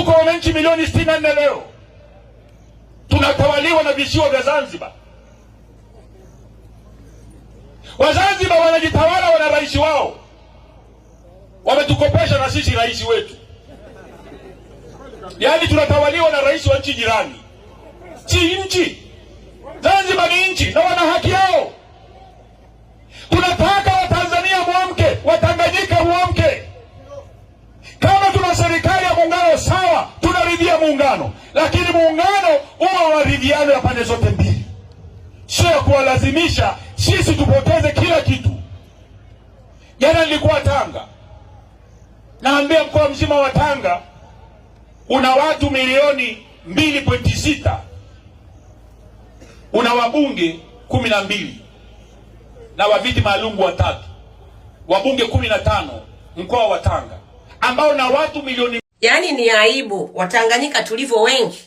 Tuko wananchi milioni sitini na nne leo tunatawaliwa na visiwa vya Zanzibar. Wazanzibar wanajitawala, wana rais wao, wametukopesha na sisi rais wetu, yaani tunatawaliwa na rais wa nchi jirani. Si nchi Zanzibar ni nchi na wana haki yao. lakini muungano huwa waridhiano ya pande zote mbili, sio ya kuwalazimisha sisi tupoteze kila kitu. Jana nilikuwa Tanga, naambia mkoa mzima wa Tanga una watu milioni mbili sita una wabunge kumi na mbili na waviti maalum watatu, wabunge kumi na tano mkoa wa Tanga ambao na watu milioni Yaani ni aibu Watanganyika tulivyo wengi,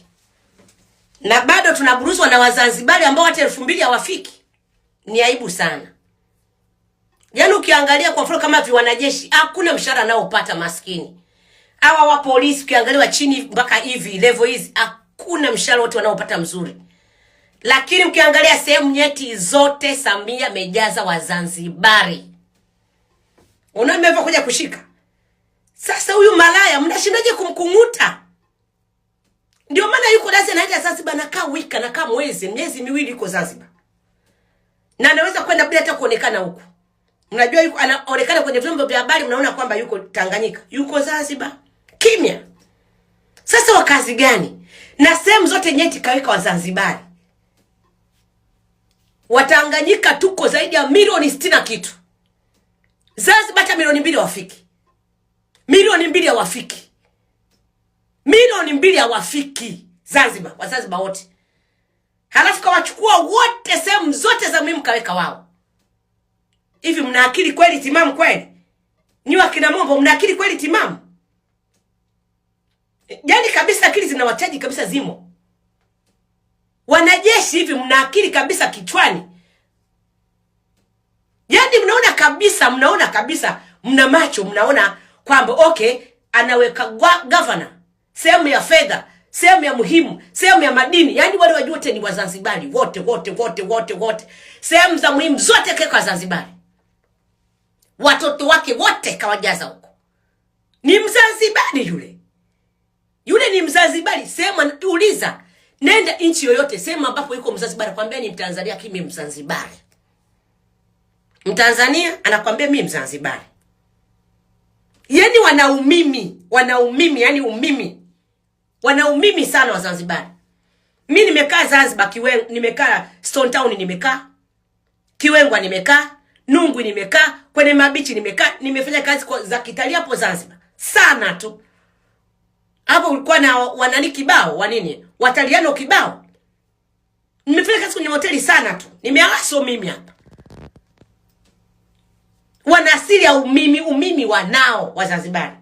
na bado tunaburuzwa na Wazanzibari ambao hata elfu mbili hawafiki. Ni aibu sana. Yaani ukiangalia kwa mfano kama viwanajeshi, hakuna mshahara anaopata maskini. Hawa wa polisi ukiangalia chini mpaka hivi level hizi, hakuna mshahara wote wanaopata mzuri. Lakini ukiangalia sehemu nyeti zote Samia amejaza Wazanzibari. Unaona kuja kushika sasa huyu malaya mnashindaje kumkung'uta? Ndio maana yuko Dazi naenda Zanzibar, na kaa wiki, na kaa mwezi, miezi miwili yuko Zanzibar, na anaweza kwenda bila hata kuonekana huko. Mnajua yuko anaonekana kwenye vyombo vya habari, mnaona kwamba yuko Tanganyika, yuko Zanzibar, kimya. Sasa wakazi gani? Na sehemu zote nyeti kaweka Wazanzibari. Watanganyika tuko zaidi ya milioni 60 na kitu, Zanzibar hata milioni mbili wafiki Milioni mbili hawafiki, milioni mbili hawafiki Zanzibar, zanziba wote, halafu kawachukua wote sehemu zote za muhimu kaweka wao. Hivi mna akili kweli timamu kweli? Nyi wakina Mombo mna akili kweli timamu? Yaani kabisa akili zinawachaji kabisa, zimo wanajeshi. Hivi mna akili kabisa kichwani? Yaani mnaona kabisa, mnaona kabisa, mna macho, mnaona kwamba okay, anaweka governor sehemu ya fedha, sehemu ya muhimu, sehemu ya madini, yaani wale wajote ni Wazanzibari wote wote wote wote wote, sehemu za muhimu zote kaweka Wazanzibari, watoto wake wote kawajaza huko. Ni Mzanzibari yule yule, ni Mzanzibari. Sehemu anatuuliza nenda nchi yoyote, sehemu ambapo yuko Mzanzibari, kwambia ni Mtanzania, kimi Mzanzibari. Mtanzania anakwambia mi Mzanzibari yani wanaumimi, wanaumimi yani umimi, wanaumimi sana Wazanzibari. Mi nimekaa Zanzibar Kiwen, nimekaa Stone Town, nimekaa Kiwengwa, nimekaa Nungwi, nimekaa kwenye mabichi, nimekaa nimefanya kazi za kitalia hapo Zanzibar sana tu. Hapo ulikuwa na wanani kibao wanini, Wataliano kibao. Nimefanya kazi kwenye hoteli sana tu, nimeaso mimi hapa wana asili ya umimi, umimi wanao Wazanzibari.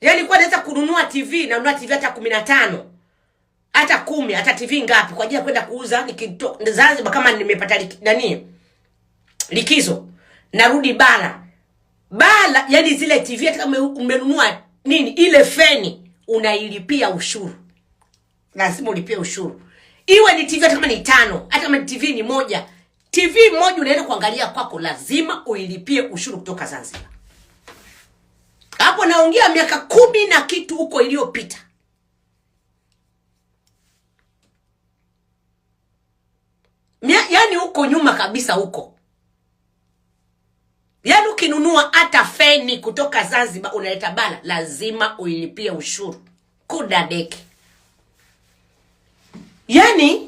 Yaani kwa naweza kununua TV na kununua TV hata kumi na tano hata kumi hata TV ngapi kwa ajili ya kwenda kuuza nikitoka Zanzibar, kama nimepata nani likizo narudi bara bara, yani zile TV hata kama umenunua nini, ile feni unailipia ushuru, lazima ulipie ushuru, iwe ni TV hata kama ni tano, hata kama TV ni moja TV moja unaenda kuangalia kwako, lazima uilipie ushuru kutoka Zanzibar. Hapo naongea miaka kumi na kitu huko iliyopita. Yaani huko nyuma kabisa huko, yaani ukinunua hata feni kutoka Zanzibar unaleta bala, lazima uilipie ushuru deke. yaani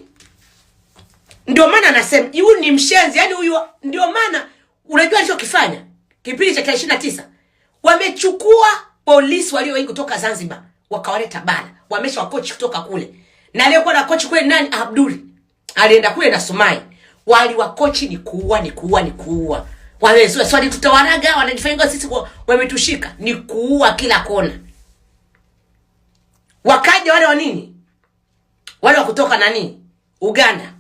ndio maana anasema huyu ni mshenzi, yani huyu. Ndio maana unajua alichokifanya kipindi cha tarehe 29 wamechukua polisi walio wengi kutoka Zanzibar wakawaleta bara, wamesha wakochi kutoka kule, na aliyekuwa na kochi kule nani? Abduli alienda kule na Sumai, wali wakochi ni kuua, ni kuua, ni kuua. Wamezoea swali, tutawaraga wanajifanya sisi wametushika, ni kuua kila kona. Wakaja wale wa nini, wale wa kutoka nani Uganda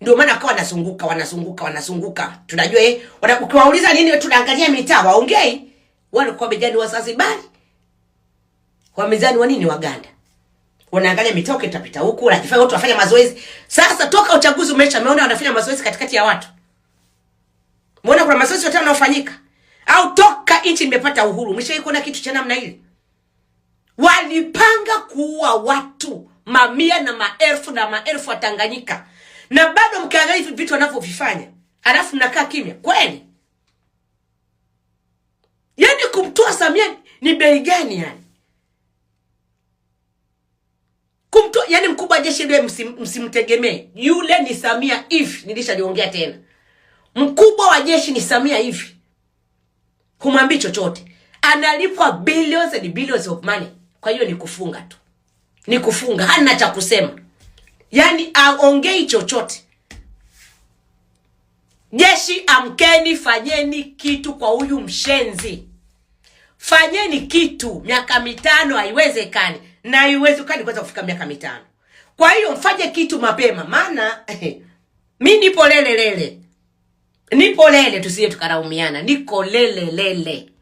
ndio maana wakawa wanazunguka wanazunguka wanazunguka, tunajua eh, ukiwauliza nini, tunaangalia mitaa, waongei wale kwa bejani wa Zanzibar, wamezani wa nini, Waganda wanaangalia mitaa, tapita huku lakifanya watu wafanya mazoezi. Sasa toka uchaguzi umesha umeona wanafanya mazoezi katikati ya watu, umeona kuna mazoezi yote yanayofanyika, au toka nchi imepata uhuru, mshawahi kuona kitu cha namna hili? Walipanga kuua watu mamia na maelfu na maelfu wa Tanganyika na bado mkiangalia hivi vitu anavyovifanya alafu mnakaa kimya kweli? Yani kumtoa Samia ni bei gani? Yani kumtoa, yani mkubwa wa jeshi ndiye msimtegemee, yule ni Samia hivi. Nilishaliongea tena, mkubwa wa jeshi ni Samia hivi, humwambii chochote, analipwa billions and billions of money. Kwa hiyo ni kufunga tu, ni kufunga, hana cha kusema yani aongei chochote. Jeshi, amkeni, fanyeni kitu kwa huyu mshenzi, fanyeni kitu. Miaka mitano haiwezekani na haiwezekani kuweza kufika miaka mitano. Kwa hiyo mfanye kitu mapema, maana mi nipo lele lele, nipo lele, tusije tukaraumiana, niko lele lele.